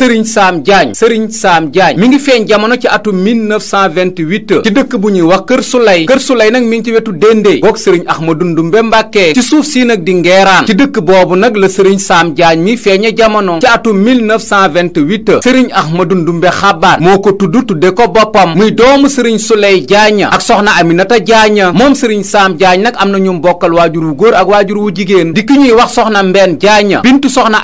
Serigne Sam Diagne Serigne Sam Diagne mi ngi feeñ jamono ci atum 1928 ci dëkk bu ñuy wax Kër Sulay Kër Sulay nag mi ngi ci wetu Dendey boog Serigne ma Ndumbe Mbàkke ci suuf si nag di Ngeeraan ci dëkk boobu nag la Serigne Sam Diagne mi feeñe jamono ci atum 1928 Serigne Ahmadou Ndumbe Xabaan moo ko tudd tudde ko boppam muy doomu Serigne Sulay Diagne ak soxna Aminata Diagne moom Serigne saam Diagne nag am na ñu mbokkal waajur wu góor ak waajur wu jigéen di ki ñuy wax soxna Mbeen Diagne bintu soxna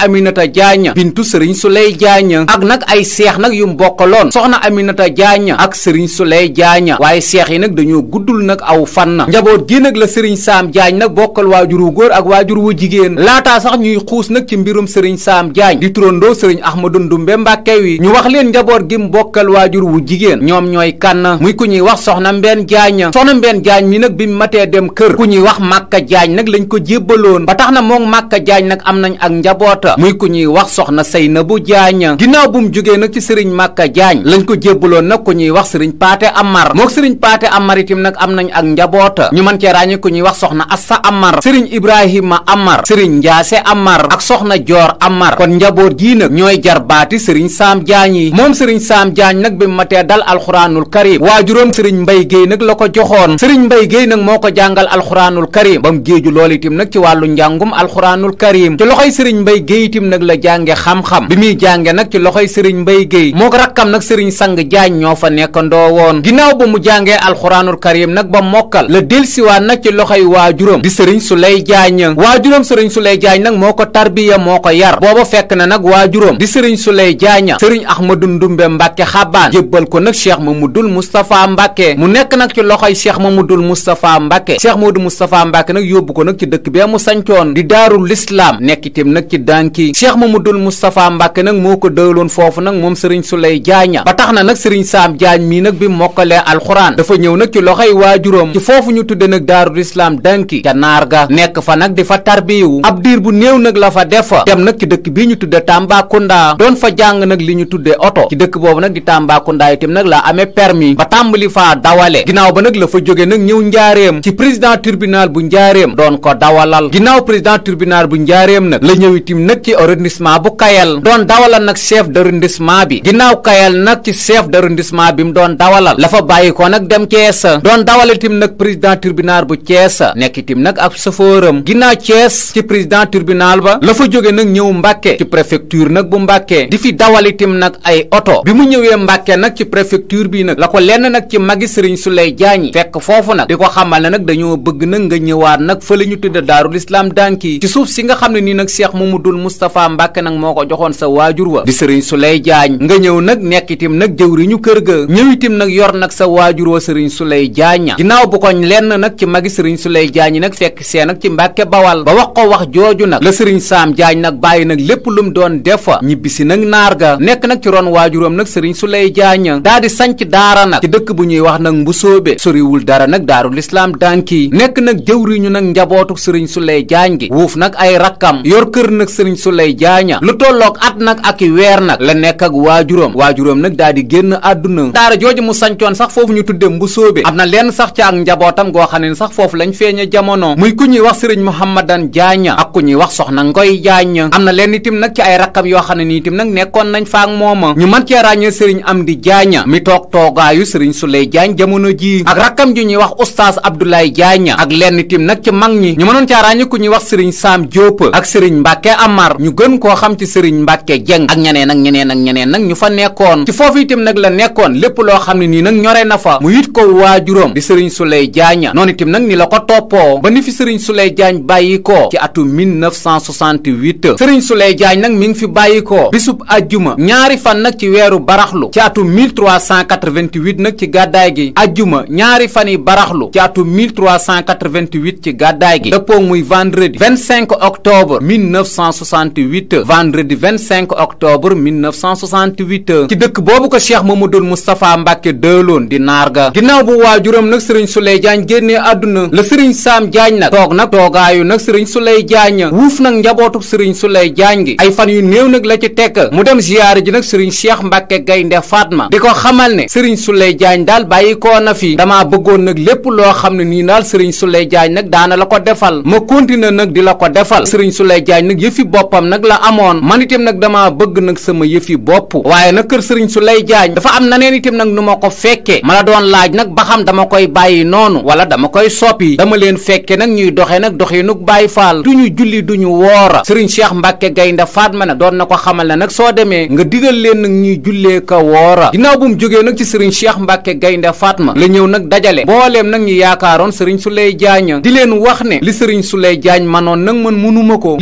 jaañ ak nag ay seex nag yu mu bokkaloon soxna Aminata jaañ ak sëriñ Souley jaañ waaye seex yi nag dañoo guddul nag aw fan njaboot gi nag la sëriñ Saam jaañ nag bokkal waajur wu góor ak waajur wu jigéen laataa sax ñuy xuus nag ci mbirum sëriñ Saam jaañ di turandoo sëriñ Ahmadu Ndumbe Mbàkke wi ñu wax leen njaboot gi mu bokkal waajur wu jigéen ñoom ñooy kan muy ku ñuy wax soxna Mbeen jaañ soxna Mbeen jaañ mi nag bi mu matee dem kër ku ñuy wax Màkka jaañ nag lañ ko jébbaloon ba tax na moom Màkka jaañ nag am nañ ak njaboota muy ku ñuy wax soxna Seynabu jaañ ginnaaw bu mu jógee nag ci sëriñ Màkka Jaañ lañ ko jébbaloon nag ku ñuy wax sëriñ Paate Amar mook sëriñ Paate Amar itam nag am nañu ak njaboota ñu mën cee ràññi ku ñuy wax soxna Assa Amar sëriñ Ibrahima Amar sëriñ Njaase Amar ak soxna Joor Amar kon njaboot gii nag ñooy jarbaati sëriñ Saam Jaañ yi moom sëriñ Saam Jaañ nag bi mu matee dal alxuraanul waa waajuróom sëriñ Mbay Géey nag la ko joxoon sëriñ Mbay Géey nag moo ko jàngal alxuraanul karim ba mu géeju loolu itam nag ci wàllu njàngum alxuraanul karim ci loxoy sëriñ Mbay Géey nag la jànge xam bi muy jànge nag ci loxoy sëriñ Mbay Géey moo ko rakkam nag sëriñ sang jaañ ñoo fa nekkandoo woon ginnaaw ba mu jàngee alxuraanul karim nag ba mokkal la delsiwaat nag ci loxoy waajuram di sëriñ Suley Jaañ waajuram sëriñ Suley Jaañ nag moo ko tarbiya moo ko yar booba fekk na nag waajuram di sëriñ Suley Jaaña sëriñ Ahmadu Ndumbe Mbàkke xabaan jébbal ko nag cheikh Mamadul Moustapha Mbàkke mu nekk nag ci loxoy cheikh Mamadul Moustapha Mbàkke cheikh Mamadul Moustapha Mbàkke nag yóbbu ko nag ci dëkk bee mu sancoon di daarul lislaam nekk itam nag ci dànki cheikh ko doyaloon foofu nag moom sëriñ Souleye Diagne ba tax na nag sëriñ Sam Diagne mii nag bi mokkalee alxuraan dafa ñëw nag ci loxoy waajuram ci foofu ñu tudde nag daarul islaam danki ca naar ga nekk fa nag di fa tarbiyu ab diir bu néew nag la fa def dem nag ci dëkk bii ñu tudde Tambacounda doon fa jàng nag li ñu tudde oto ci dëkk boobu nag di Tambacounda itam nag la amee permis ba tàmbali fa dawale ginnaaw ba nag la fa jóge nag ñëw njaareem ci président tribunal bu njaareem doon ko dawalal ginnaaw président tribunal bu njaareem nag la ñëw itim nag ci arrondissement bu kayal nag chef d'arrondissement bi ginnaaw kayal nag ci chef d'arrondissement bi mu doon dawalal lafa fa bàyyi ko nag dem Thiès doon dawal tim nag président tribunal bu Thiès nekk itim nag ab sofóoram ginnaaw Thiès ci président tribunal ba la fa jóge nag ñëw Mbàkke ci préfecture nag bu Mbàkke di fi dawal itim nag ay oto bi mu ñëwee Mbàkke nag ci préfecture bii nag la ko lenn nag ci magi Sëriñ Suley Jaañ fekk foofu nag di ko xamal ne nag dañoo bëgg nag nga ñëwaat nag fële ñu tudde Daarul Islaam Danki ci suuf si nga xam ne nii nag Cheikh Mamadou Moustapha Mbàkke nag moo ko joxoon sa waajur di sëriñ Souleye Diagne nga ñëw nag nekk itam nag jëwriñu kër ga ñëw itam nag yor nag sa waajuroo sëriñ Souleye Diagne ginnaaw bu koñ lenn nag ci magi sëriñ Souleye Diagne nag fekk see nag ci Mbàkke Bawal ba wax ko wax jooju nag la sëriñ Sam Diagne nag bàyyi nag lépp lu mu doon defa ñibbisi nag naar ga nekk nag ci ron waajuróom nag sëriñ Souleye Diagne daa di sanc daara nag ci dëkk bu ñuy wax nag mbusoobe soriwul dara nag daarul islaam dànki nekk nag jëwriñu nag njabootu sëriñ Souleye Diagne gi wuuf nag ay rakkam yor kër nag sëriñ Souleye Diagne lu weer nag la nekk ak waajuram waajuram nag daal di génn àdduna daara jooju mu sancoon sax foofu ñu tudde mbu sóobe am na lenn sax ci ak njabootam goo xam ne sax foofu lañ feeñe jamono muy ku ñuy wax sëriñ Mouhamadan Diagne ak ku ñuy wax soxna Ngoy Diagne am na lenn itam nag ci ay rakkam yoo xam ne ni itam nag nekkoon nañ faak mooma ñu mën cee ràññee am di Diagne mi toog toogaayu sëriñ Souley jaañ jamono jii ak rakkam ju ñuy wax oustaz Abdoulaye Diagne ak lenn itam nag ci mag ñi ñu mënoon caa ràññee ñuy wax sëriñ Sam Diop ak sëriñ Mbacke Amar ñu gën koo xam ci sëriñ Mbacke Dieng ñeneen ak ñeneen ñeneen nag ñu fa nekkoon ci foofu itam nag la nekkoon lépp loo xam ne nii nag ñore na fa mu yit ko waajuram di sëriñ Souleye Diagne noonu itam nag ni la ko toppoo ba ni fi sëriñ Souleye Diagne bàyyi ko ci atum 1968 sëriñ Souleye Diagne nag mi ngi fi bàyyi ko bisub ajjuma ñaari fan nag ci weeru baraxlu ci atum 1388 nag ci gàddaay gi ajjuma ñaari fan yi baraxlu ci atum 1388 ci gàddaay gi dëppoo muy vendredi 25 octobre 1968 vendredi 25 octobre octobre 1968 ci dëkk boobu ko cheikh Mamadou Moustapha Mbacke dëloon di Narga ginnaaw bu waajuram nag sëriñ Souleye Diagne génnee àdduna la sëriñ Sam Diagne nag toog nag toogaayu nag sëriñ Souleye Diagne wuuf nag njabootub sëriñ Souleye Diagne gi ay fan yu néew nag la ci tekk mu dem ziyaare ji nag sëriñ cheikh Mbacke Gaynde Fatma di ko xamal ne sëriñ Souleye Diagne daal bàyyi koo na fi damaa bëggoon nag lépp loo xam ne nii daal sëriñ Souleye Diagne nag daana la ko defal ma continuer nag di la ko defal sëriñ Souleye Diagne nag sama yëf yi bopp waaye nag kër sëriñ su lay jaañ dafa am na neen itam nag nu ma ko fekke ma la doon laaj nag ba xam dama koy bàyyi noonu wala dama koy soppi dama leen fekke nag ñuy doxee nag doxinug bàyyi faal du ñu julli du ñu woora sëriñ cheikh mbàkke gaynde faatma nag doon na ko xamal ne nag soo demee nga digal leen nag ñuy jullee ka woora ginnaaw bu mu jógee nag ci sëriñ cheikh mbàkke gaynde faatma la ñëw nag dajale mbooleem nag ñu yaakaaroon sëriñ su lay jaañ di leen wax ne li sëriñ su lay jaañ manoon nag man mënuma ko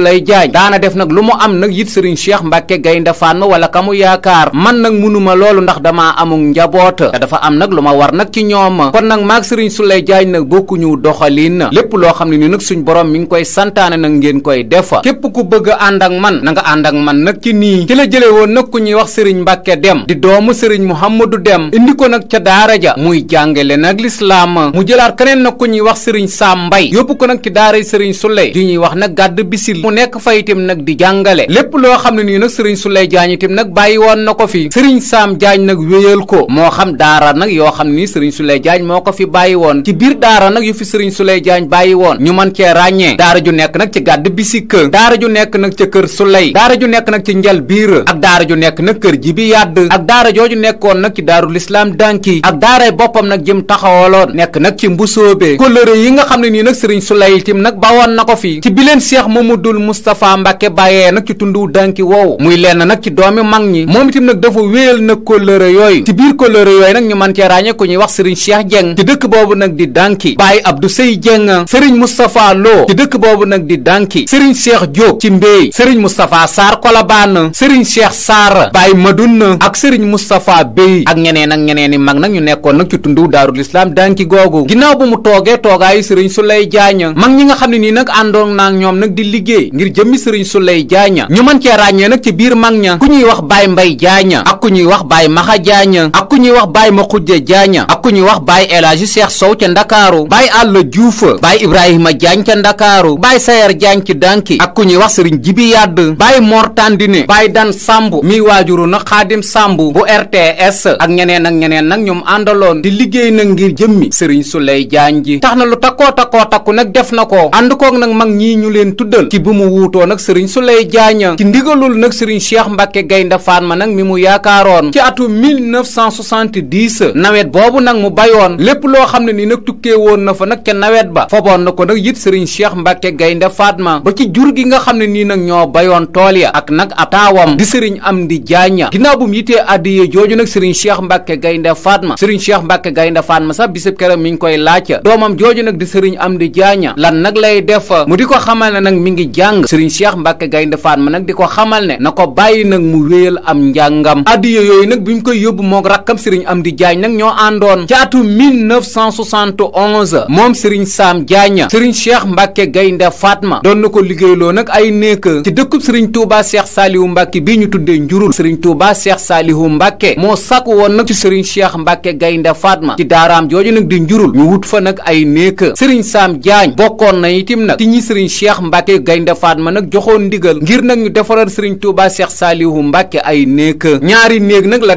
li Njaañ daana def nag lu mu am nag yit sëriñ Cheikh Mbacke Gaynde Fatma wala ka mu yaakaar man nag munuma loolu ndax dama amug njaboota te dafa am nag lu ma war nag ci ñoom kon nag maag sëriñ Souleye Diagne nag bokkuñu doxalin lépp loo xam ne ni nag suñ borom mi ngi koy santaane nag ngeen koy def képp ku bëgg ànd ak man na nga ànd ak man nag ci nii ci la jële woon nag ku ñuy wax sëriñ Mbacke Dem di doomu sëriñ Mouhamadou Dem indi ko nag ca daara ja muy jàngale nag lislaam mu jëlaat keneen nag ku ñuy wax sëriñ Sam fa itam nag di jàngale lépp loo xam ne nii nag sëriñ Souleye Diagne itam nag bàyyi woon na ko fi sëriñ Sam Diagne nag wéyal ko moo xam daara nag yoo xam ni sëriñ Souleye Diagne moo ko fi bàyyi woon ci biir daara nag yu fi sëriñ Souleye Diagne bàyyi woon ñu man cee ràññee daara ju nekk nag ci gàdd bisik daara ju nekk nag ca kër Souleye daara ju nekk nag ci njal biir ak daara ju nekk nag kër ji bi yàdd ak daara jooju nekkoon nag ci daarul islaam dànki ak daaray boppam nag jëm taxawaloon nekk nag ci mbusoobe kóllëre yi nga xam ne nii nag sëriñ Souleye itam nag na Moustapha Mbacke bàyyee nag ci tundu danki woowu muy lenn nag ci doomi mag ñi moom itam nag dafa wéyal nag kóllëre yooyu ci biir kóllëre yooyu nag ñu mën cee ràññee ku ñuy wax Serigne Cheikh Dieng dëkk boobu nag di danki Baye Abdou Sey Dieng Serigne ci dëkk sëriñ nag di danki Serigne Cheikh Diop ci Mbey Serigne Moustapha Sarr Kolabaan Serigne Cheikh Sarr Baye Madoun ak Serigne Moustapha Bey ak ñeneen ak ñeneen mag nag ñu nekkoon nag ci tundu Daarul Islam danki googu ginnaaw bu mu toogee toogaayu Serigne Souley jëmmi sëriñ Souleye Diagne ñu mën cee ràññee nag ci biir mag ña ku ñuy wax baay mbay Diagne ak ku ñuy wax baay Maxa Diagne ak ñuy wax Baye Makhoudia Diagne ak ku ñuy wax Baye El Hadji Cheikh Sow ca Ndakaaru Baye Alla Diouf Baye Ibrahima Diagne ca Ndakaaru Baye Sayer Diagne ci Danki ak ku ñuy wax Serigne Jibi Yàdd Baye Mor Tandine Baye Dan Samb miy waajuru na Xaadim Samb bu RTS ak ñeneen ak ñeneen nag ñoom àndaloon di liggéey nag ngir jëmmi sëriñ Souleye Diagne ji tax na lu takkoo takkoo takku nag def na ko ànd koog nag mag ñii ñu leen tuddal ci bu mu wuutoo nag sëriñ Souleye Diagne ci ndigalul Cheikh Mbacke Gaynde soixante-dix nawet boobu nag mu bayoon lépp loo xam ne ni nag tukkee woon na fa nag ca nawet ba foboon na ko nag yit sëriñ Cheikh Mbacke Gaynde Fatma ba ci jur gi nga xam ne nii nag ñoo bayoon tool ya ak nag ab taawam di sëriñ Amdi Jaaña ginnaaw bu mu yitee addiye jooju nag sëriñ Cheikh Mbacke Gaynde Fatma sëriñ Cheikh Mbacke Gaynde Fatma sax bisib keram mi ngi koy laajca doomam jooju nag di sëriñ Amdi Jaaña lan nag lay def mu di ko xamal ne nag mi ngi jàng sëriñ Cheikh Mbacke Gaynde Fatma nag di ko xamal ne na ko bàyyi nag mu wéyal am njàngam addiye yooyu nag bi mu koy yóbbu moog rakkam am di jaañ nag ñoo àndoon ci atum 1971 moom Serigne Sam Diagne Serigne Cheikh Mbacke Gaynde Fatma doon na ko liggéeyloo nag ay nekk ci dëkkub Serigne Touba Cheikh Salihu Mbacke bii ñu tuddee njurul Serigne Touba Cheikh Salihu Mbacke moo sàkku woon nag ci Serigne Cheikh Mbacke Gaynde Fatma ci daaraam jooju nag di njurul ñu wut fa nag ay nekk Serigne Sam Diagne bokkoon na itim nag ci ñi Serigne Cheikh Mbacke Gaynde Fatma nag joxoon ndigal ngir nag ñu defaral Serigne Touba Cheikh Salihu Mbacke ay nekk ñaari néeg nag la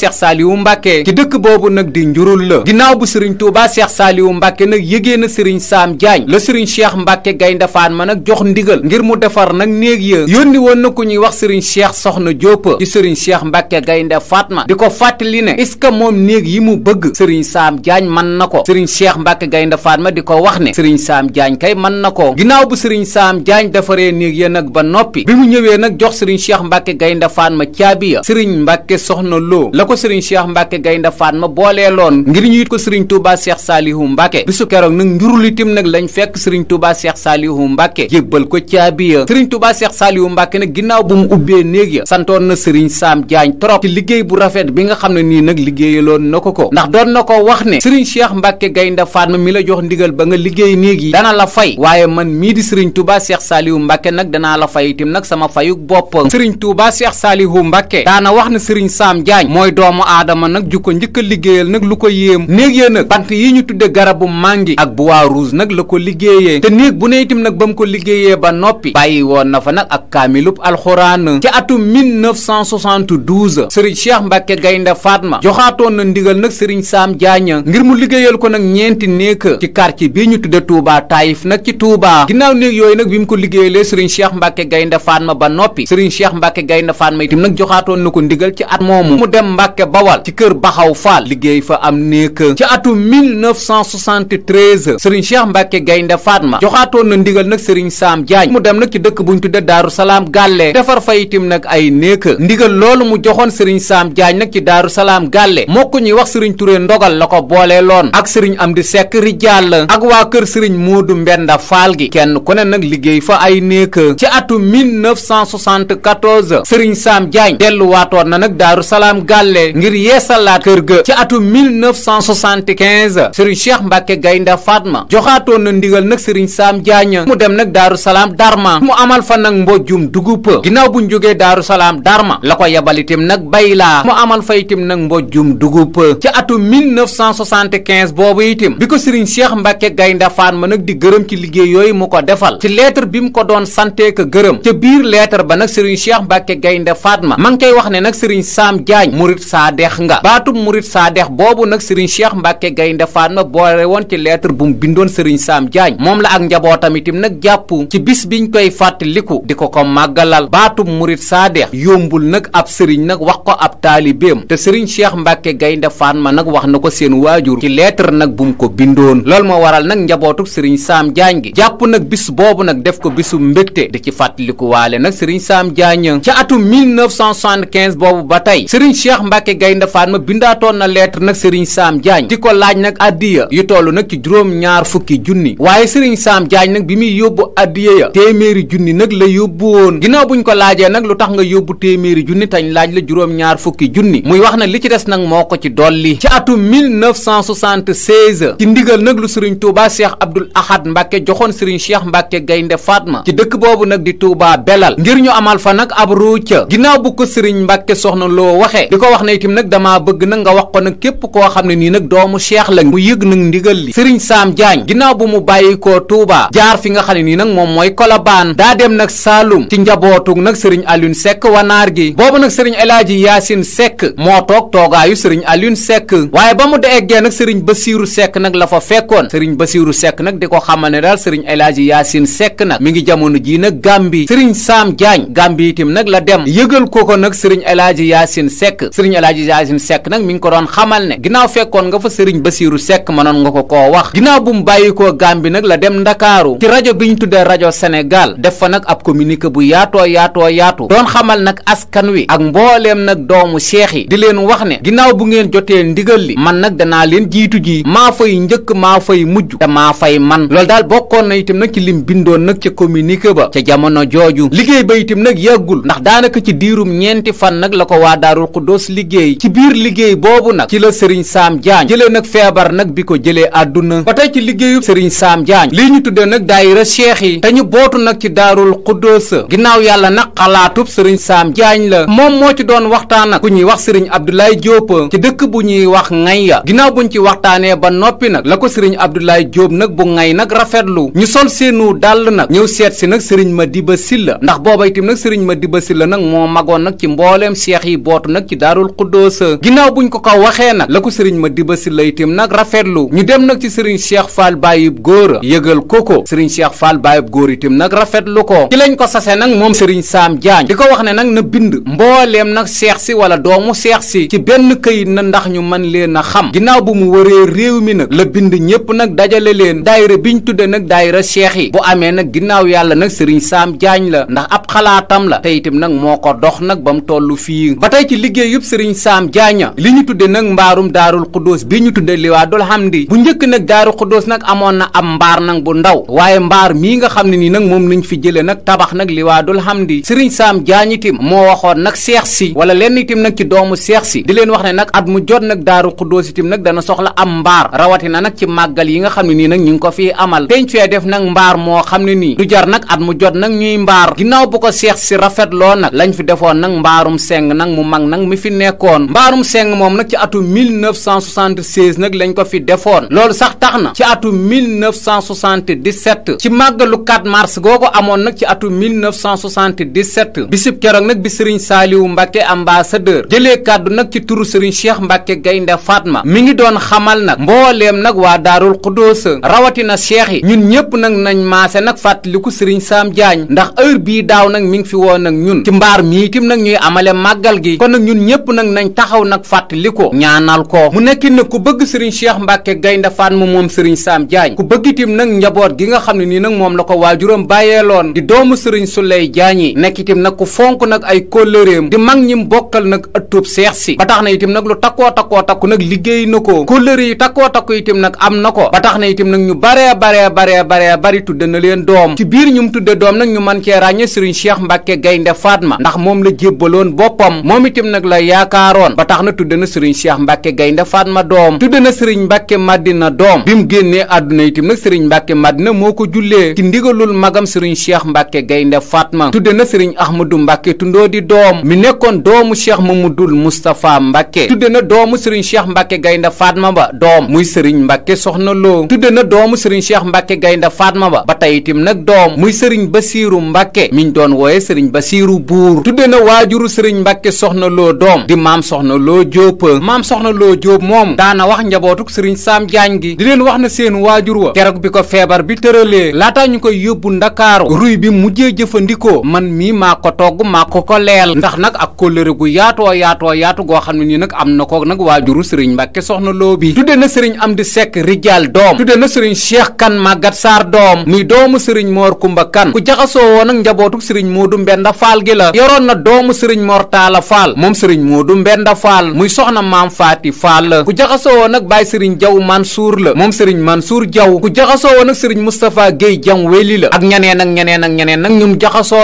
Cheikh Saliou Mbacke ci dëkk boobu nag di njurul la ginnaaw bu Serigne Touba Cheikh Saliou Mbacke nag yëgee na Serigne saam Diagne la Serigne Cheikh Mbacke Gaynde Fatma nag jox ndigal ngir mu defar nag néeg ya yónni woon na ku ñuy wax Serigne Cheikh Soxna Diop Serigne Cheikh Mbacke Gaynde Fatma di ko fàttali ne est-ce que moom néeg yi mu bëgg Serigne saam Diagne man na ko Serigne Cheikh Mbacke Gaynde Fatma di ko wax ne Serigne saam Diagne kay mën na ko ginnaaw bu Serigne saam Diagne defaree néeg ya nag ba noppi bi mu ñëwee nag jox Serigne Cheikh Mbacke Gaynde Fatma caabi ya Serigne Mbacke Soxna Lo ko sëriñ Cheikh Mbacke Gaynde Fatma boolee loon ngir ñu yit ko sëriñ Touba Cheikh Salihu Mbacke bisu keroog nag njurulitim nag lañ fekk sëriñ Touba Cheikh Salihu Mbacke jébbal ko caabi ya sëriñ Touba Cheikh Salihu Mbacke nag ginnaaw bu mu ubbee néeg ya santoon na sëriñ Sam Diagne trop ci liggéey bu rafet bi nga xam ne nii nag liggéeyaloon na ko ko ndax doon na ko wax ne sëriñ Cheikh Mbacke Gaynde Fatma mi la jox ndigal ba nga liggéey néeg yi dana la fay waaye man mii di sëriñ Touba seex Salihu Mbacke nag danaa la fay itim sama fayuk bopp sëriñ doomu aadama nag ju ko njëkk a liggéeyal nag lu ko yéem néeg yee nag bant yi ñu tudde garabu mangi ak bu bois rouge nag la ko liggéeyee te néeg bu ne itam nag ba mu ko liggéeyee ba noppi bàyyi woon na fa nag ak kaamilub alxuraan ci atum 1972 sëriñ Cheikh Mbacke Gaynde Fatma joxaatoon na ndigal nag sëriñ saam Diagne ngir mu liggéeyal ko nag ñeenti néeg ci quartier bii ñu tudde Touba Taïf nag ci Touba ginnaaw néeg yooyu nag bi mu ko liggéeyalee sëriñ Cheikh Mbacke Gaynde Fatma ba noppi sëriñ Cheikh Mbacke Gaynde Fatma nag joxaatoon na ko ndigal ci at Mbàkke Bawal ci kër Baxaw Faal liggéey fa am néeg ci atum 1973 Serigne Cheikh Mbàkke Gaynde Fatma joxaatoon na ndigal nag Serigne Sam Diagne mu dem nag ci dëkk bu ñu tudde Daaru Salaam Gàlle defar fa itim nag ay néeg ndigal loolu mu joxoon Serigne Sam Diagne nag ci Daaru Salaam Gàlle moo ko ñuy wax Serigne Touré ndogal la ko boolee loon ak Serigne di Seck Rijaal ak waa kër Serigne Moodu Mbenda Faal gi kenn ku ne nag liggéey fa ay néeg ci atum 1974 Serigne Sam Diagne delluwaatoon boole ngir yeesalaat kër ga ci atum 1975 sëriñ Cheikh Mbacke Gaynde Fatma joxaatoon na ndigal nag sëriñ saam Diagne mu dem nag Daaru Salaam Darma mu amal fa nag mbojjum dugub ginnaaw bu ñu jógee Daaru Salaam Darma la ko yebal itam nag bay laa mu amal fa itam nag mbojjum dugub ci atum 1975 boobu itam bi ko sëriñ Cheikh Mbacke Gaynde ma nag di gërëm ci liggéey yooyu mu ko defal ci lettre bi mu ko doon santee ko gërëm ca biir lettre ba nag sëriñ Cheikh Mbacke Gaynde saadeex nga baatub murit saadeex boobu nag sëriñ cheikh mbàkke gaynde fatma boole woon ci lettre bu mu bindoon sëriñ saam jaañ moom la ak njabootam itam nag jàpp ci bis biñ koy fàttaliku di ko ko màggalal baatub murit saadeex yombul nag ab sëriñ nag wax ko ab taalibeem te sëriñ cheikh mbàkke gaynde fatma nag wax na ko seen waajur ci lettre nag bu mu ko bindoon loolu moo waral nag njabootub sëriñ saam jaañ gi jàpp nag bis boobu nag def ko bisu mbégte di ci fàttaliku waale nag sëriñ saam jaañ ca atum 1975 boobu ba tey Mbàkke Gaynde Fatma bindaatoon na lettre nag Serigne Sam Diagne di ko laaj nag addiya yu toll nag ci juróom-ñaar fukki junni waaye Serigne Sam Diagne nag bi muy yóbbu addiya ya téeméeri junni nag la yóbbu woon bu buñ ko laajee nag lu tax nga yóbbu téeméeri junni tañ laaj la juróom-ñaar fukki junni muy wax na li ci des nag moo ko ci dolli ci atum 1976 ci ndigal nag lu Serigne Touba seex Abdoul Ahad Mbàkke joxoon Serigne Cheikh Mbàkke Gaynde Fatma ci dëkk boobu nag di Touba Belal ngir ñu amal fa nag ab ne itam nag damaa bëgg nag nga wax ko nag képp koo xam ne nii nag doomu cheikh la mu yëg nag ndigal li sëriñ Saam Jaañ ginnaaw bu mu bàyyi koo Touba jaar fi nga xam ne nii nag moom mooy baan daa dem nag Saalum ci njabootug nag sëriñ Alioune Seck wanaar gi boobu nag sëriñ Elaaji Yaasin sekk moo toog toogaayu sëriñ Alioune Seck waaye ba mu de eggee nag sëriñ Basiiru Seck nag la fa fekkoon sëriñ Basiiru Seck nag di ko xamal ne daal sëriñ Elaaji Yaasin sekk nag mi ngi jamono jii nag Gàmbi sëriñ Saam Jaañ Gàmbi itam nag la dem yëgal sëriñ alaaji Azim Seck nag mi ngi ko doon xamal ne ginnaaw fekkoon nga fa sëriñ Basiiru Seck mënoon nga ko koo wax ginnaaw bu mu bàyyikoo Gàmbi nag la dem Ndakaaru ci rajo bi ñu tuddee rajo Sénégal def fa nag ab communiqué bu yaatoo yaatoo yaatu doon xamal nag askan wi ak mbooleem nag doomu seex yi di leen wax ne ginnaaw bu ngeen jotee ndigal li man nag danaa leen jiitu ji maa fay njëkk maa fay mujj te maa fay man lool daal bokkoon na itam nag ci lim bindoon nag ci diirum ñeenti fan liggéey ci biir liggéey boobu nag ci la sëriñ saam jaañ jëlee nag feebar nag bi ko jëlee àdduna ba tey ci liggéeyu sëriñ saam jaañ lii ñu tudde nag daayira cheikh yi te ñu bootu nag ci daarul xuddoosa ginnaaw yàlla nag xalaatub sëriñ saam jaañ la moom moo ci doon waxtaan nag ku ñuy wax sëriñ Abdoulaye Diop ci dëkk bu ñuy wax ngay ya ginnaaw buñ ci waxtaanee ba noppi nag la ko sëriñ Abdoulaye Diop nag bu ngay nag rafetlu ñu sol seenu dàll nag ñëw seet si nag sëriñ Madiba Silla ndax booba itam nag sëriñ Madiba Silla nag nag ci Ruuxul Xuddoos ginnaaw buñ ko ko waxee nag la ko sëriñ ma Madiba Sylla itam nag rafetlu ñu dem nag ci sëriñ Cheikh Fall Bayib Góor yëgal ko ko sëriñ Cheikh Fall Bayib Góor itam nag rafetlu ko ci lañ ko sase nag moom sëriñ saam Diagne di ko wax ne nag na bind mbooleem nag seex si wala doomu seex si ci benn kayit na ndax ñu man leen a xam ginnaaw bu mu wëree réew mi nag la bind ñépp nag dajale leen bi ñu tudde nag daayira seex yi bu amee nag ginnaaw yàlla nag sëriñ Sam Diagne la ndax ab xalaatam la te itam nag moo ko dox nag ba mu toll fii sëriñ saam jaaña li ñu tudde nag mbaarum daarul xuddoos bi ñu tudde liwaadul hamdi bu njëkk nag daaru xuddoos nag amoon na am mbaar nag bu ndaw waaye mbaar mii nga xam ne ni nag moom nañ fi jële nag tabax nag liwaadul hamdi sëriñ saam jaañ itim moo waxoon nag seex si wala lenn itim nag ci doomu seex si di leen wax ne nag at mu jot nag daaru xuddoos itim nag dana soxla am mbaar rawatina nag ci màggal yi nga xam ne nii nag ñu ngi ko fii amal dañ fee def nag mbaar moo xam ne nii du nag at mu jot nag ñuy mbaar ginnaaw bu si rafetloo nag lañ fi defoon mag nag mi fi ne nekkoon mbaarum seng moom nag ci atum 1976 nag lañ ko fi defoon loolu sax tax na ci atum 1977 ci màggalu 4 mars googu amoon nag ci atum 1977 bisib keroog nag bi sëriñ Saaliwu Mbàkke ambassadeur jëlee kàddu nag ci turu sëriñ Cheikh Mbàkke faat Fatma mi ngi doon xamal nag mbooleem nag waa Daarul Xuddoos rawatina cheikh yi ñun ñëpp nag nañ maase nag fàttaliku sëriñ Saam Jaañ ndax heure bii daaw nag mi ngi fi woon nag ñun ci mbaar mii tim nag ñuy amale màggal gi kon nag ñun nag nañ taxaw nag fàttali ko ñaanal ko mu nekkin nag ku bëgg sëriñ Cheikh Mbacke Gaynde Fatma moom sëriñ Sam Diagne ku bëgg itam nag njaboot gi nga xam ne nii nag moom la ko waajuram bàyyeeloon di doomu sëriñ Souleye Diagne nekk itam nag ku fonk nag ay kóllëreem di mag ñi bokkal nag ëttub seex si ba tax na itam nag lu takkoo takkoo takku nag liggéey na ko kóllëre yi takkoo takku itam nag am na ko ba tax na itam nag ñu baree baree baree bare bari tudde na leen doom ci biir ñu mu tudde doom nag ñu mën cee ràññe sëriñ Cheikh Mbacke Gaynde Fatma ndax moom la yaakaaroon ba tax na tudde na sëriñ cheikh mbàkke gaynde fatma doom tudde na sëriñ mbàkke madina doom bi mu génnee àdduna itam nag sëriñ mbakke maddina moo ko jullee ci ndigalul magam sëriñ cheikh mbakke gaynde fatma tudde na sëriñ ahmadu mbàkke tundoo di doom mi nekkoon doomu mu mamadul moustapha mbàkke tudde na doomu sëriñ cheikh mbàkke gaynde fatma ba doom muy sëriñ mbàkke soxna loo tudde na doomu sëriñ cheikh mbakke gaynde faatma ba ba tey itam nag doom muy sëriñ basiiru mbàkke miñ doon wooye sëriñ basiiru buur tudde na waajuru sëriñ mbàkke soxna maam soxna loo jóob maam soxna loo jóob moom daana wax njabootuk sëriñ saam jaañ gi di leen wax na seen waajur wa keroog bi ko feebar bi tëralee laataa ñu koy yóbbu ndakaaru ruy bi mujjee jëfandikoo man mii maa ko togg maa ko ko leel ndax nag a kóllëre gu yaatoo yaatoo yaatu goo xam ne nii nag am na ko nag waajuru sëriñ mbàkke soxna loo bi tudde na sëriñ amdi sekk rijaal doom tudde na sëriñ cheikh kan màggat saar doom mi doomu sëriñ moor kumba kan ku jaxasoo woon ak du Mbenda Fall muy soxna maam Faati Fall la ku jaxasoo woon ak Baye Serigne Diaw Mansour la moom Serigne Mansour Diaw ku jaxasoo woon ak Serigne Moustapha Guèye Dianwéli la ak ñeneen ak ñeneen ak ñeneen nag ñum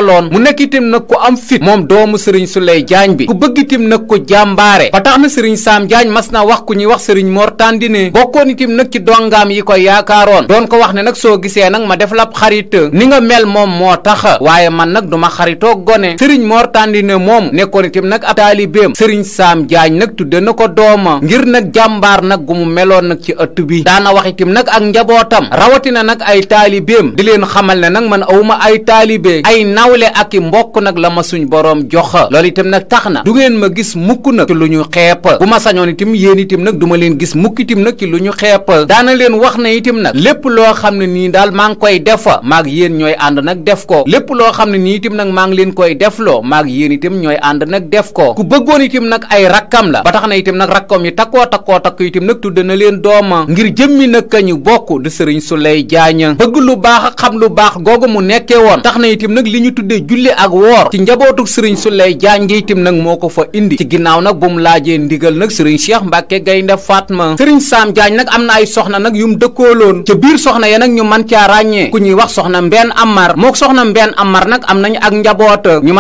loon mu nekk itam nag ku am fit moom doomu Serigne Souley Diagne bi ku bëgg itam nag ko jàmbaare ba tax na Serigne Sam Diagne mas na wax ku ñuy wax Serigne Mor Tandine bokkoon itam nag ci dongaam yi ko yaakaaroon doon ko wax ne nag soo gisee nag ma def la xarit ni nga mel moom moo tax waaye man nag duma xaritoo gone sëriñ saam jaañ nag tudde na ko dooma ngir nag jàmbaar nag gu mu meloon nag ci ëtt bi daana wax itam nag ak njabootam rawatina nag ay taalibeem di leen xamal ne nag man awuma ay taalibe ay nawle ak i mbokk nag la ma suñ borom joxa loolu itam nag tax na du ngeen ma gis mukk nag ci lu ñu xeep bu ma sañoon itam yéen itam nag du ma leen gis mukk itam nag ci lu ñu xeep daana leen wax na itam nag lépp loo xam ne nii daal maa ngi koy defa maag yéen ñooy ànd nag def ko lépp loo xam ne nii itam nag maa ngi leen koy defloo maag yéen itam ñooy ànd nag def ko itam nag ay rakkam la ba tax na itam nag rakkam yi takkoo takkoo takk itam nag tudde na leen dooma ngir jëmmi nag ka ñu bokk di sëriñ Suley Jaañ bëgg lu baax ak xam lu baax googu mu nekkee woon tax na itam nag li ñu tuddee julli ak woor ci njabootuk sëriñ Suley Jaañ gi itam nag moo ko fa indi ci ginnaaw nag bu mu laajee ndigal nag sëriñ Cheikh Mbàkke Gaynde ma sëriñ Saam Jaañ nag am na ay soxna nag yum dëkkooloon ca biir soxna ya nag ñu man caa ràññee ku ñuy wax soxna Mbeen Amar mook soxna Mbeen Amar nag am nañu ak njaboota ñu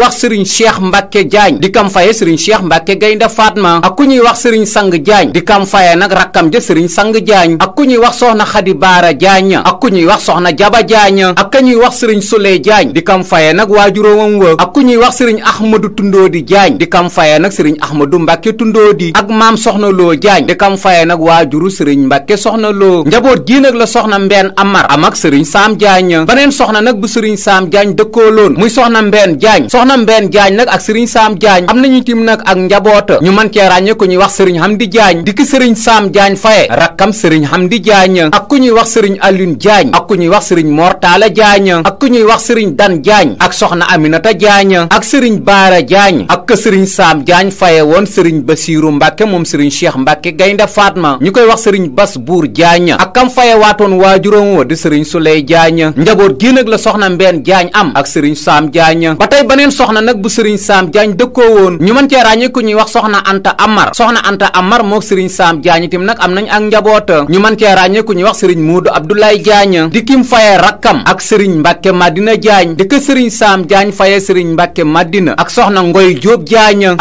ak sëriñ cheikh mbàkke jaañ di kam faye sëriñ cheikh mbàkke gaynde faatma ak ku ñuy wax sëriñ sang jaañ di kam faye nag rakkam ja sëriñ sang jaañ ak ku ñuy wax soxna xadi baara jaañ ak ku ñuy wax soxna jaba jaañ ak ka ñuy wax sëriñ solee jaañ di kam faye nag waajuróomam wa ak ku ñuy wax sëriñ ahmadu tundoodi jaañ di kam faye nag sëriñ ahmadu mbàkke tundoodi ak maam soxna loo jaañ di kam faye nag waajuru sëriñ mbàkke soxna loo njaboot gii nag la soxna mbenn amar am ak sëriñ saam jaañ beneen soxna nag bu sëriñ saam Diagne nag ak sëriñ Saam Diagne am nañu tim nag ak njaboota ñu mën a ràññee ku ñuy wax sëriñ Hamdi di jaañ ki sëriñ Saam Diagne Faye rakkam sëriñ Hamdi Diagne ak ku ñuy wax sëriñ alin jaañ ak ku ñuy wax sëriñ Mortala Diagne ak ku ñuy wax sëriñ Dan jaañ ak soxna Aminata Diagne ak sëriñ Baara Diagne ak ka sëriñ Saam Diagne Faye woon sëriñ Basiiru Mbàkke moom sëriñ Cheikh Mbàkke Gaynde Fatma ñu koy wax sëriñ Bas Buur Diagne ak kam faye waatoon waajuróom wa di sëriñ Suley Diagne njaboot gi nag la soxna Mbeen Diagne am ak sëriñ Saam Diagne bu sëriñ saam jaañ dëkkoo woon ñu mën cee ràññi ku ñuy wax soxna anta amar soxna anta amar mook sëriñ saam jaañ itam nag am nañ ak njaboota ñu mën cee ràññi ku ñuy wax sëriñ muudu abdoulaye jaañ di kim faye rakkam ak sëriñ mbàkke madina jaañ di ko sëriñ saam jaañ faye sëriñ mbàkke madina ak soxna ngoy jóob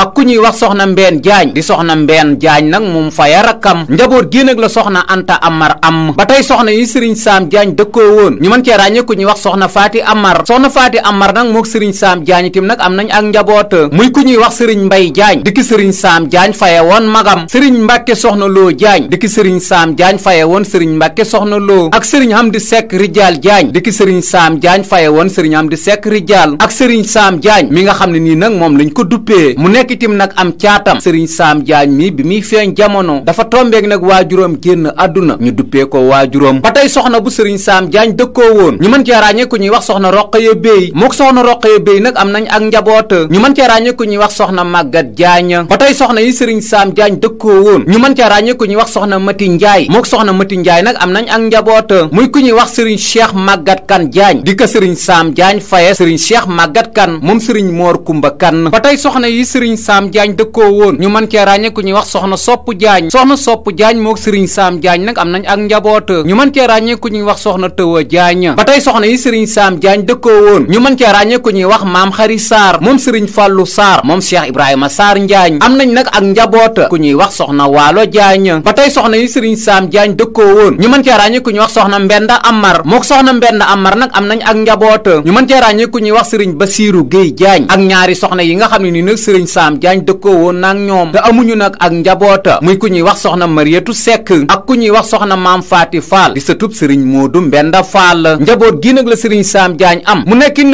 ak ku ñuy wax soxna mbeen jaañ di soxna mbeen jaañ nag moom faye rakkam njaboot gi nag la soxna anta amar am ba tey soxna yi sëriñ saam jaañ dëkkoo woon ñu mën cee ràññi ku ñuy wax soxna faati amar soxna faati amar nag mook sëriñ saam jaañ itam am nañ Diagne njaboot muy ku ñuy wax sëriñ Mbay jaañ di ki sëriñ Saam Diagne faye woon magam sëriñ Mbàkke soxna loo jaañ di ki sëriñ Saam Diagne faye woon sëriñ Mbàkke soxna Lo ak sëriñ Hamdi Seck Rijaal Diagne di ki sëriñ Saam Diagne faye woon sëriñ di Seck Rijaal ak sëriñ Saam Diagne mi nga xam ne nii nag moom lañ ko duppee mu nekk itam nag am caatam sëriñ Saam Diagne mi bi muy feeñ jamono dafa tombeeg nag waajuróom génn àdduna ñu duppee ko waajuróom ba tey soxna bu sëriñ Saam Diagne dëkkoo woon ñu mën cee ràññee ñuy wax soxna Roqaya Bey mook soxna Roqaya Bey nag am nañ ak njaboot njaboot ñu mën cee ràññee ku ñuy wax soxna màggat jaañ ba tey soxna yi sëriñ saam jaañ dëkkoo woon ñu mën cee ràññee ku ñuy wax soxna mati njaay mook soxna mati njaay nag am nañ ak njaboot muy ku ñuy wax sëriñ cheikh màggat kan jaañ di ko sëriñ saam jaañ faye sëriñ cheikh màggat kan moom sëriñ moor kumba kan ba tey soxna yi sëriñ saam jaañ dëkkoo woon ñu mën cee ràññee ku ñuy wax soxna sopp jaañ soxna sopp jaañ mook sëriñ saam jaañ nag am nañ ak njaboot ñu mën cee ràññee ku ñuy wax soxna tëwa jaañ ba tey soxna yi sëriñ saam jaañ dëkkoo woon ñu mën cee ràññee ku ñuy wax maam xari saar moom sëriñ fàllu saar moom cheikh ibrahima saar njaañ am nañ nag ak njaboota ku ñuy wax soxna waalo jaañ ba tey soxna yi sëriñ saam jaañ dëkkoo woon ñu man cee ràññee ku ñuy wax soxna mbenda amar mook soxna mbenda amar nag am nañ ak njaboota ñu mën cee ràññee ku ñuy wax sëriñ basiiru géy jaañ ak ñaari soxna yi nga xam ne nii nag sëriñ saam jaañ dëkkoo woon nag ñoom te amuñu nag ak njaboota muy ku ñuy wax soxna marietu sekk ak ku ñuy wax soxna maam faati faal di sa tub sëriñ moodu mbenda faal njaboot gi nag la sëriñ saam jaañ am mu nekkin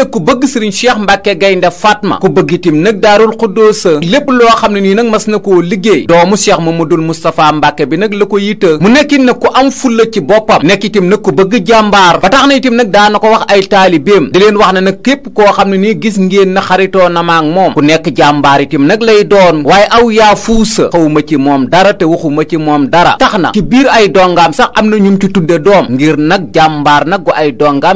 Fatma ku bëgg itam nag daarul xuddoos lépp loo xam ne nii nag mas na koo liggéey doomu cheikh mamadul moustapha mbàkke bi nag la ko yitta mu nekk nag ku am fulla ci boppam nekk itam nag ku bëgg jàmbaar ba tax na itam nag daana ko wax ay taalibeem di leen wax ne nag képp koo xam ne nii gis ngeen na xaritoo na moom ku nekk jàmbaar itam nag lay doon waaye aw yaa fuusa xawuma ci moom dara te waxuma ci moom dara tax na ci biir ay dongaam sax am na ñum ci tudde doom ngir nag jàmbaar nag gu ay dongaam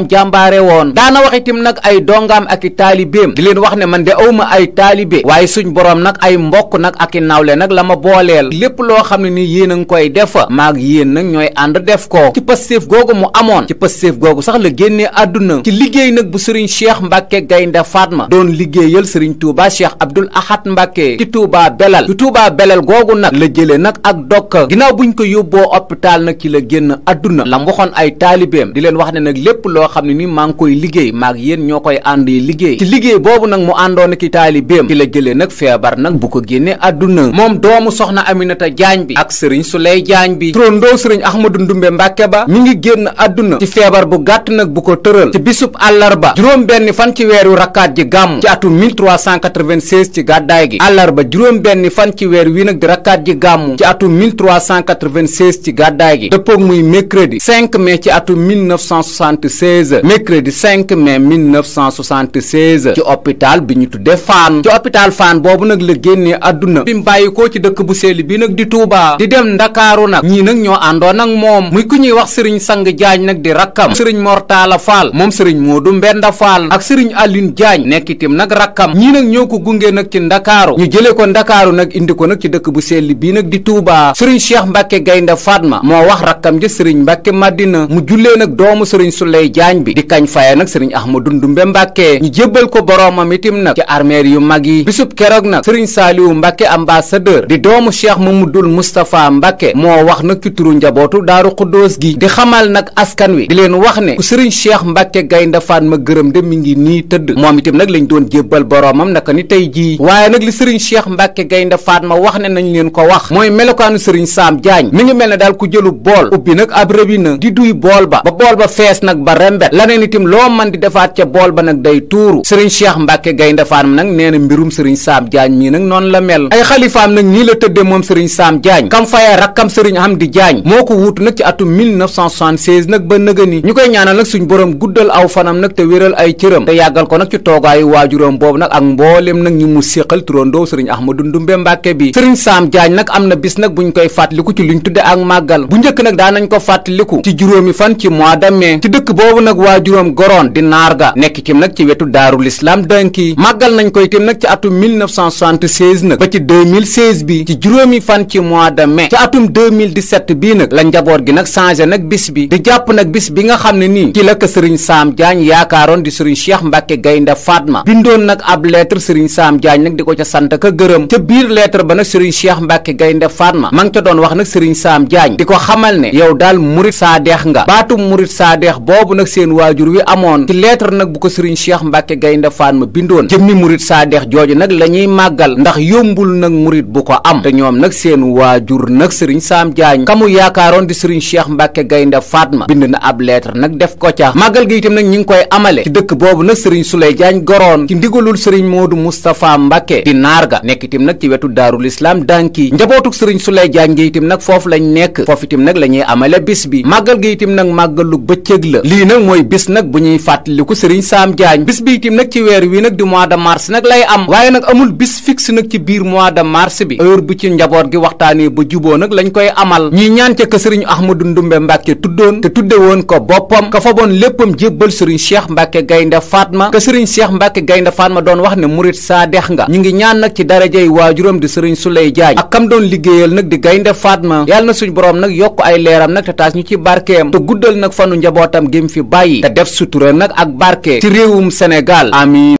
man de awma ay taalibe waaye suñ boroom nag ay mbokk nag ak i nawle nag la ma booleel lépp loo xam ne nii yéen a ngi koy def maag yéen nag ñooy ànd def ko ci pastéef googu mu amoon ci pastéef googu sax la génnee àdduna ci liggéey nag bu sëriñ cheikh mbàkke gaynde faatma doon liggéeyal sëriñ tuuba cheikh abdul ahad mbàkke ci tuuba belal ci tuuba belal googu nag la jëlee nag ak dokk ginnaaw buñ ko yóbboo hôpital nag ci la génn àdduna lam waxoon ay taalibeem di leen wax ne nag lépp loo xam ne ni maa ngi koy liggéey maag yéen ñoo koy ànd yi àndoon i taalibeem ki la jëlee nag feebar nag bu ko génnee àdduna moom doomu soxna Aminata Jaañ bi ak sëriñ Suley Jaañ bi tróndoo sëriñ Ahmadu Ndumbe Mbàkke ba mu ngi génn adduna ci feebar bu gàtt nag bu ko tëral ci bisub àllarba juróom benn fan ci weeru rakkaat ji gàmm ci atum 1396 ci gàddaay gi àllarba juróom benni fan ci weer wi nag di rakkaat ji gàmm ci atum 1396 ci gàddaay gi dëppoog muy mercredi 5 mai ci atum 1976 mercredi 5 mai 1976 ci hôpital bi ñu tuddee Fann ci hôpital Fann boobu nag la génnee àdduna bi mu bàyyi ko ci dëkk bu sell bi nag di Touba di dem Ndakaaru nag ñii nag ñoo àndoon nag moom muy ku ñuy wax sëriñ Sang Jaañ nag di rakkam sëriñ Mortala Fall moom sëriñ Moodu Mbenda Fall ak sëriñ Aline Jaañ nekk itam nag rakkam ñii nag ñoo ko gunge nag ci Ndakaaru ñu jëlee ko Ndakaaru nag indi ko nag ci dëkk bu sell bii nag di Touba sëriñ Cheikh Mbacke Gaynde faatma moo wax rakkam ji sëriñ Mbacke Madina mu jullee nag doomu sëriñ Suley Jaañ bi jëm nag ci armeer yu mag yi bisub keroog nag sëriñ saaliwu mbàkke ambassadeur di doomu cheikh mamadul moustapha mbàkke moo wax nag ci turu njabootu daaru xuddoos gi di xamal nag askan wi di leen wax ne ku sëriñ cheikh mbàkke gaynde fatma gërëm de mi ngi nii tëdd moom itam nag lañ doon jébbal boroomam naka ni tey jii waaye nag li sëriñ cheikh mbàkke gaynde fatma wax ne nañ leen ko wax mooy melokaanu sëriñ saam jaañ mi ngi mel ne daal ku jëlu bool ubbi nag ab rëbina di duy bool ba ba bool ba fees nag ba rembet laneen itam loo man di defaat ca bool ba Gaynde Fatma nag nee na mbirum sëriñ Saam Jaañ mii nag noonu la mel ay xalifaam nag nii la tëdde moom sëriñ Saam Jaañ kam fayee rakkam sëriñ Amdi Jaañ moo ko wuutu nag ci atum nag ba nëga ñu koy ñaanal nag suñ borom guddal aw fanam nag te wéral ay cëram te yàggal ko nag ci toogaayu waajuram boobu nag ak mboolem nag ñu mu séqal turandoo sëriñ Ahmadu Ndumbe Mbàkke bi sëriñ Saam Jaañ nag am na bis nag buñ koy fàttaliku ci luñ tudde ak màggal bu njëkk nag daanañ ko fàttaliku ci juróomi fan ci mois de mai ci dëkk boobu nag waajuram goroon di naarga nekk ci nag ci wetu daarul islam màggal nañ koy itam nag ci atum 1976 nag ba ci 2016 bi ci juróomi fan ci mois de mai ci atum 2017 bii nag la njaboot gi nag changé nag bis bi di jàpp nag bis bi nga xam ne nii ci la ko sëriñ Saam Diagne yaakaaroon di sëriñ Cheikh Mbacke Gaynde Fatma bindoon nag ab lettre sëriñ Saam Diagne nag di ko ca sant ka gërëm ca biir lettre ba nag sëriñ Cheikh Mbacke Gaynde Fatma ma ngi ca doon wax nag sëriñ Saam Diagne di ko xamal ne yow daal murit saadeex nga baatum murit saadeex boobu nag seen waajur wi amoon ci lettre nag bu ko sëriñ Mbacke Gaynde Fatma bindoon jëmmi murit saadeex jooju nag la ñuy màggal ndax yombul nag murit bu ko am te ñoom nag seen waajur nag sëriñ saam jaañ kamu yaakaaroon di sëriñ cheikh mbàkke gaynde faatma bind na ab lettre nag def ko ca màggal gi itam nag ñu ngi koy amale ci dëkk boobu nag sëriñ suley jaañ goroon ci ndigalul sëriñ moodu mustapha mbàkke di naar ga nekkitim nag ci wetu daarul islaam dànki njabootuk sëriñ suley jaañ gi itam nag foofu lañ nekk foofu itam nag la ñuy amale bis bi màggal gi itam nag màggalu bëccëg la lii nag mooy bis nag bu ñuy fàttaliku sëriñ saam jaañ mois de mars nag lay am waaye nag amul bis fixe nag ci biir mois de mars bi heure bu ci njaboot gi waxtaanee ba juboo nag lañu koy amal ñuy ñaan ca ka sëriñ Ahmadou Ndumbe Mbàkke tuddoon te tudde woon ko boppam ka fa boon léppam jébbal sëriñ Cheikh Mbàkke Gaynde Fatma ka sëriñ Cheikh Mbàkke Gaynde Fatma doon wax ne murit saa dex nga ñu ngi ñaan nag ci darajey waajuram di sëriñ Suley Jaaj ak kam doon liggéeyal nag di Gaynde Fatma yàlla na suñu boroom nag yokk ay leera nag te ñu ci barkeem te guddal nag fanu njabootam gém fi bàyyi def sutura nag ak barke ci réewum Sénégal amiin